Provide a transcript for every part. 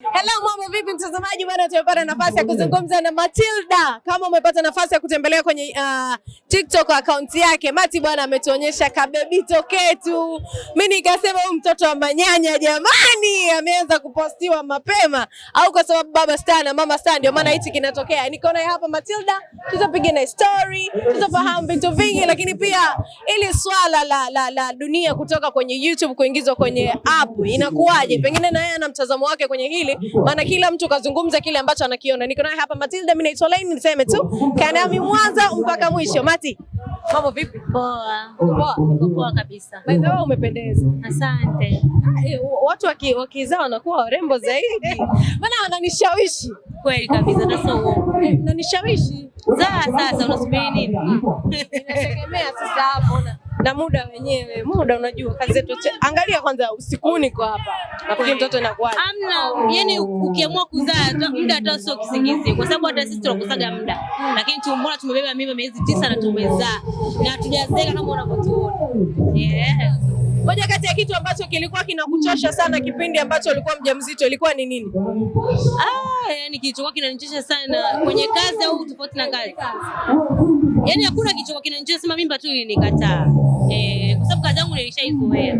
Hello mambo vipi mtazamaji bwana, tumepata nafasi ya kuzungumza na Matilda. Kama umepata nafasi ya kutembelea kwenye uh, TikTok account yake, Mati bwana ametuonyesha kabebito ketu. Mimi nikasema huyu mtoto wa manyanya jamani, ameanza kupostiwa mapema au kwa sababu baba star na mama star ndio maana hichi kinatokea. Niko naye hapa Matilda, tutapiga na story, tutafahamu vitu vingi, lakini pia ili swala la, la, la dunia kutoka kwenye YouTube kuingizwa kwenye app inakuwaje? Pengine na yeye ana mtazamo wake kwenye hili mbili, maana kila mtu kazungumza kile ambacho anakiona. Niko naye hapa Matilda, mimi naitwa Laini, niseme tu kanami mwanza mpaka mwisho. Mati, mambo vipi? Poa. Poa. Poa kabisa. By the way, umependeza. Asante. Ay, ah, eh, watu wakizaa wanakuwa warembo zaidi maana wananishawishi kweli kabisa, na so. uongo, nanishawishi. sasa, unasubiri nini? Ah, Inategemea sasa hapo na muda wenyewe, muda unajua kazi zetu, angalia kwanza, usiku niko hapa, nafikiri mtoto inakuwa hamna. Yani ukiamua kuzaa muda hata sio kisingizi, kwa sababu hata sisi tunakusaga muda, lakini tumbona tumebeba mimba miezi tisa na tumezaa na tujazeka kama unavyotuona yeah. Moja kati ya kitu ambacho kilikuwa kinakuchosha sana kipindi ambacho ulikuwa mjamzito ilikuwa ni nini? Ah, yani kilichokuwa kinanichosha sana kwenye kazi au tofauti na kazi. Yaani hakuna kilichokuwa kinanichosha sema mimba tu ilinikataa. Eh, kwa sababu kazi yangu nilishaizoea.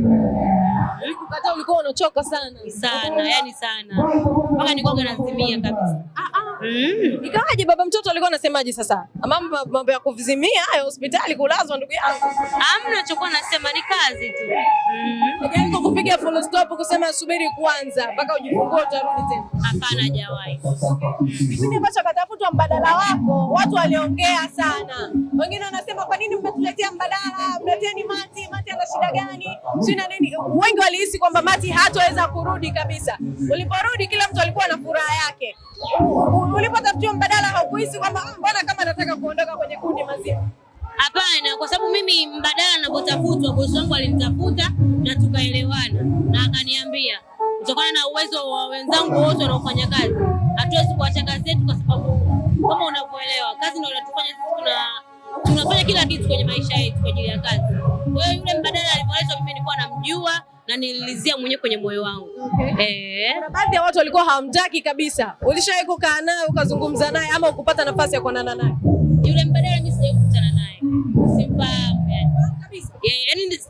Ulikukataa yaani ulikuwa unachoka sana. Sana, yani sana. Mpaka nilikuwa nazimia kabisa. Ah ah. Mm. Ikawaje baba mtoto alikuwa anasemaje sasa? Mama mambo ya kuvizimia hayo hospitali kulazwa ndugu yangu. Amna chokuwa anasema ni kazi tu. Hajawai mhm. kukupiga full stop kusema subiri kwanza mpaka ujifungue utarudi tena? Hapana, hajawahi. Kipindi ambacho akatafutwa mbadala wako, watu waliongea sana, wengine wanasema kwa nini mmetuletea mbadala, mleteni Mati. Mati ana shida gani? na nini. Wengi walihisi kwamba Mati hataweza kurudi kabisa. Uliporudi kila mtu alikuwa na furaha yake. Ulipotafutiwa mbadala, haukuhisi kwamba ah, mbona kama anataka kuondoka kwenye kundi mazima? Hapana, kwa sababu mimi mbadala ninapotafutwa, bosi wangu alinitafuta na tukaelewana na akaniambia kutokana na uwezo wa wenzangu wote wanaofanya kazi, hatuwezi kuacha kazi yetu, kwa sababu kama unavyoelewa kazi ndio inatufanya sisi tuna tunafanya kila kitu kwenye maisha yetu kwa ajili ya kazi. Kwa hiyo yule mbadala alivyoelezwa, mimi nilikuwa namjua na nililizia mwenyewe kwenye moyo wangu. Okay. Eh. Kuna baadhi ya watu walikuwa hawamtaki kabisa. Ulishawahi kukaa naye ukazungumza naye ama ukupata nafasi ya kuonana naye? Yule mbadala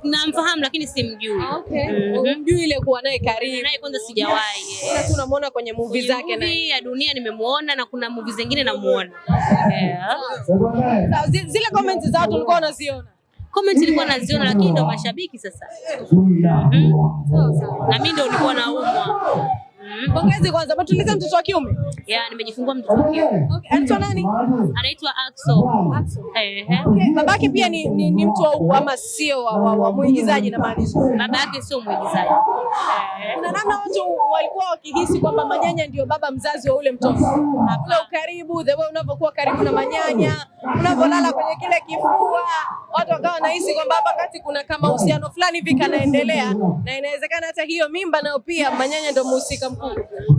namfahamu lakini simjui. Ah, okay. mm -hmm. ile kuwa naye karibu naye kwanza sijawahi. Sasa yes. Tunamuona kwenye movie zake na movie ya dunia nimemuona na kuna movie zingine namuona. Yeah. So, zile comments za watu ulikuwa unaziona? Comments nilikuwa naziona lakini ndo mashabiki sasa. mm -hmm. Na mimi ndo nilikuwa naumwa Mm. Pongezi kwanza, umetuliza mtoto wa kiume? Yeah, nimejifungua mtoto wa kiume. Okay. Anaitwa nani? Anaitwa Axel. Axel. Eh, eh. Okay. Babake pia ni, ni, ni mtu wa ama sio wa, wa, wa muigizaji na maanisha. Babake sio muigizaji. Eh. Kuna namna watu walikuwa wakihisi kwamba Manyanya ndio baba mzazi wa ule mtoto. Ule ukaribu, the way unavyokuwa karibu na Manyanya, unavyolala kwenye kile kifua, watu wakawa wanahisi kwamba hapa kati kuna kama uhusiano fulani hivi kanaendelea na inawezekana hata hiyo mimba nayo pia Manyanya ndio mhusika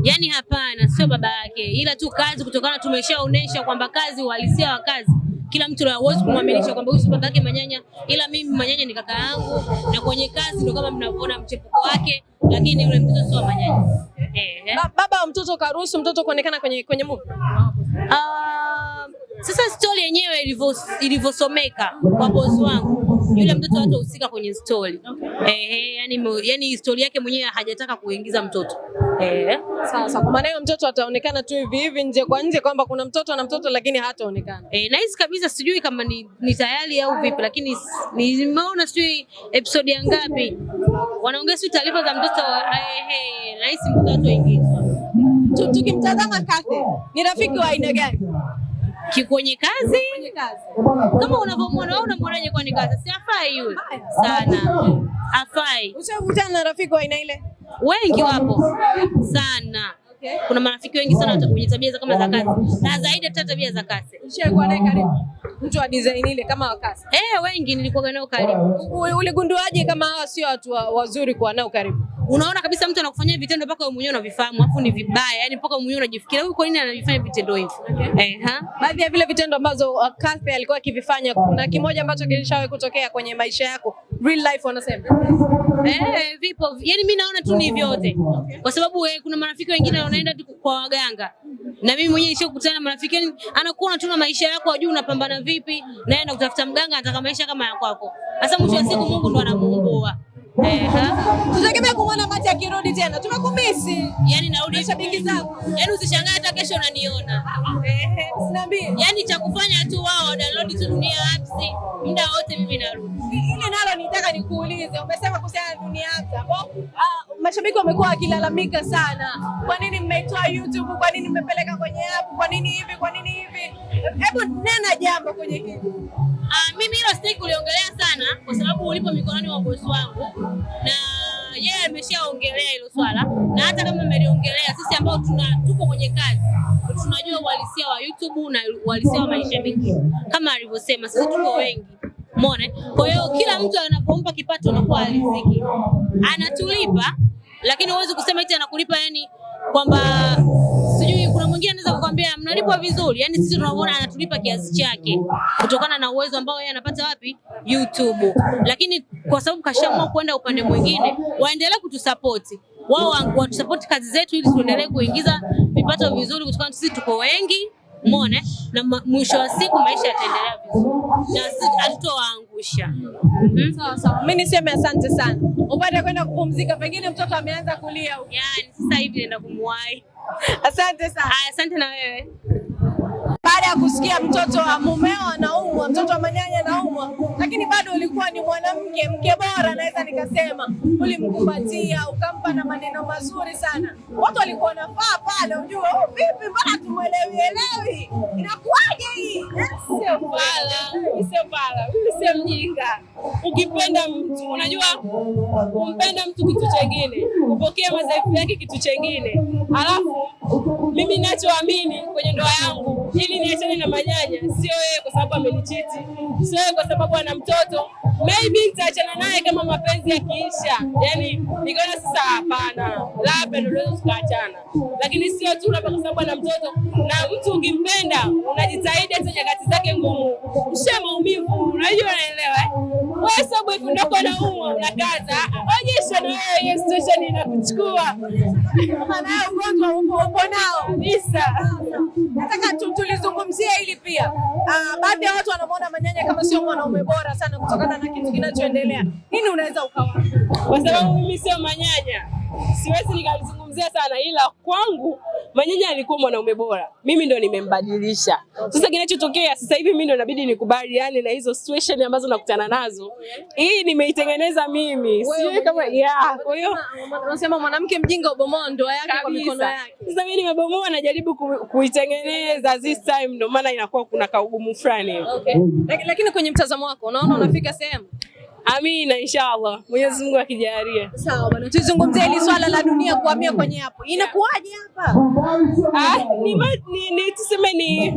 yani hapana, sio baba yake, ila tu kazi, kutokana tumeshaonesha kwamba kazi, uhalisia wa kazi kila mtu hawezi kumwaminisha kwamba huyu si baba yake Manyanya, ila mimi Manyanya ni kaka yangu, na kwenye kazi ndio kama mnavyoona mchepuko wake, lakini yule mtoto sio Manyanya. Eh, Ba baba wa mtoto karuhusu mtoto kuonekana kwenye kwenye movie. Uh, sasa story yenyewe ilivyosomeka kwa bosi wangu, yule mtoto hatahusika kwenye story. Okay. Eh, yani yani story yake mwenyewe hajataka kuingiza mtoto Eh. Eh. Sasa Kwa maana hiyo mtoto ataonekana tu hivi hivi nje kwa nje kwamba kuna mtoto na mtoto lakini hataonekana. Eh, nice kabisa sijui kama ni, ni tayari au vipi lakini nimeona sijui episode ya ngapi. Wanaongea sijui taarifa za mtoto wa eh, eh rais mtoto ataingizwa. Tukimtazama Kathy, ni rafiki wa aina gani? Kikwenye kazi kama unavyomwona wewe, unamwonaje? Kwani kazi si afai yule sana, afai. Ushakutana na rafiki wa aina ile? wengi wapo sana okay. Kuna marafiki wengi sana wenye tabia kama za kazi na zaidi hata tabia za kazi. Ushakuwa naye karibu mtu wa design ile kama wa kazi? Eh, wengi nilikuwa nao karibu. Uligunduaje kama hawa sio watu wazuri kuwa nao karibu? Unaona kabisa mtu anakufanyia vitendo mpaka wewe mwenyewe unavifahamu, afu ni vibaya, yani mpaka mwenyewe unajifikiria huyu kwa nini anavifanya vitendo hivi? Okay. Eh, ha? Baadhi ya vile vitendo ambazo uh, Kathy alikuwa akivifanya, kuna kimoja ambacho kilishawahi kutokea kwenye maisha yako real life wanasema eh, vipo yani, mimi naona tu ni vyote, kwa sababu eh, kuna marafiki wengine wanaenda kwa waganga, na mimi mwenyewe nishakutana na marafiki yani, anakuona tu na maisha yako juu, unapambana vipi, naye anakutafuta mganga, anataka maisha kama ya kwako. Sasa mwisho wa siku Mungu ndo anamuumbua. Tutegemea kumwona Mati akirudi tena, tumekumisi. Yani narudi shabiki zako, yani usishangaa hata kesho unaniona. Yani cha kufanya tu wao download tu Dunia Apps muda wote, mimi narudi. Ile nalo nitaka nikuulize, umesema kuhusiana na Dunia Apps hapo ah, mashabiki wamekuwa wakilalamika sana, kwa nini mmeitoa YouTube? Kwa nini mmepeleka kwenye app? Kwa nini hivi? Kwa nini hivi? Hebu nena jambo kwenye hili. Uh, mimi hilo sitaki kuliongelea sana kwa sababu ulipo mikononi wa bosi wangu na yeye yeah, ameshaongelea hilo swala, na hata kama ameliongelea, sisi ambao tuna tuko kwenye kazi tunajua uhalisia wa YouTube na uhalisia wa maisha mengi, kama alivyosema, sisi tuko wengi Umeona? Kwa hiyo kila mtu anapompa kipato anakuwa aliziki. Anatulipa lakini huwezi kusema eti anakulipa yani kwamba sijui kuna mwingine anaweza kukwambia mnalipwa vizuri. Yani sisi tunaona anatulipa kiasi chake kutokana na uwezo ambao yeye anapata wapi YouTube. Lakini kwa sababu kashaamua kwenda upande mwingine, waendelee kutusupport. wao watusupport kazi zetu ili tuendelee kuingiza vipato vizuri, kutokana sisi tuko wengi umeona eh? Na mwisho wa siku maisha yataendelea vizuri na hatutowaangusha. mm -hmm. Sawa mimi niseme asante sana, upate kwenda kupumzika, pengine mtoto ameanza kulia, yani sasa hivi naenda kumwahi. Asante sana. Asante na wewe baada ya kusikia mtoto wa mumeo anaumwa, mtoto wa manyanya anaumwa, lakini bado ulikuwa ni mwanamke, mke bora naweza nikasema, ulimkumbatia ukampa na maneno mazuri sana. Watu walikuwa nafaa pale, ujue oh, vipi, mbona tumwelewi elewi, inakuwaje hii? Eh, sio pala, sio pala, sio mjinga ukipenda mtu, unajua kumpenda mtu kitu chengine, kupokea madhaifu yake kitu chengine. Alafu mimi ninachoamini kwenye ndoa yangu, ili niachane na manyanya, sio yeye kwa sababu amenichiti, sio yeye kwa sababu ana mtoto. Maybe nitaachana naye kama mapenzi yakiisha, yani nikaona sasa, hapana, labda ndio tukaachana, lakini sio tu labda kwa sababu ana mtoto. Na mtu ukimpenda, unajitahidi hata nyakati zake ngumu, ushe maumivu, unajua, unaelewa eh? wewe sababu, ukiondoko naumwa unakaza station wewe, hiyo station inakuchukua maana ugonjwa uko nao kabisa. Nataka tulizungumzia hili pia. Ah, baadhi ya watu wanamwona Manyanya kama sio mwanaume bora sana kutokana na kitu kinachoendelea. Nini unaweza ukawa? Kwa sababu mimi sio Manyanya, siwezi nikalizungumzia sana, ila kwangu Manyanya alikuwa mwanaume bora, mimi ndo nimembadilisha. Sasa kinachotokea sasa hivi mimi ndo inabidi nikubaliane na hizo situation ambazo nakutana nazo. Hii nimeitengeneza mimi, sio kama Yeah, kwa hiyo unasema mwanamke mjinga ubomoa ndoa yake kwa mikono yake. Sasa mimi nimebomoa, najaribu kuitengeneza this time, ndio maana inakuwa kuna kaugumu fulani Okay. Lakini kwenye mtazamo wako unaona unafika sehemu? Amina, inshallah Mwenyezi Mungu akijalia. Sawa bwana, tuzungumzie hili swala la dunia kuhamia kwenye hapo, inakuwaje hapa? Ah, ni, ni tuseme ni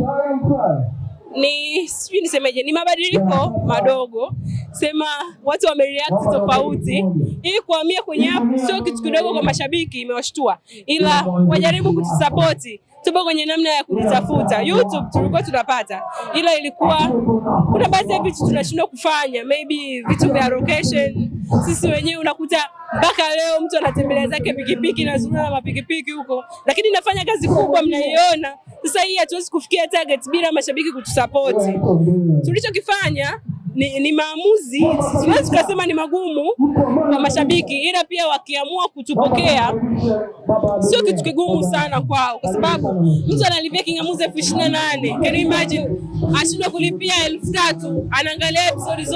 ni sijui nisemeje, ni mabadiliko madogo, sema watu wamereact tofauti. Hii kuhamia kwenye app sio kitu kidogo kwa mashabiki, imewashtua ila wajaribu kutusapoti tupo kwenye namna ya kujitafuta. YouTube tulikuwa tunapata, ila ilikuwa kuna baadhi ya vitu tunashindwa kufanya, maybe vitu vya location sisi wenyewe. Unakuta mpaka leo mtu anatembelea zake pikipiki, nazurura na mapikipiki huko, lakini nafanya kazi kubwa mnaiona sasa hii hatuwezi kufikia target bila mashabiki kutusapoti. Tulichokifanya ni, ni maamuzi siwezi tukasema ni magumu kwa mashabiki, ila pia wakiamua kutupokea sio kitu kigumu sana kwao, kwa sababu mtu analipia kingamuzi elfu ishirini na nane can you imagine, ashindwa kulipia elfu tatu anaangalia episode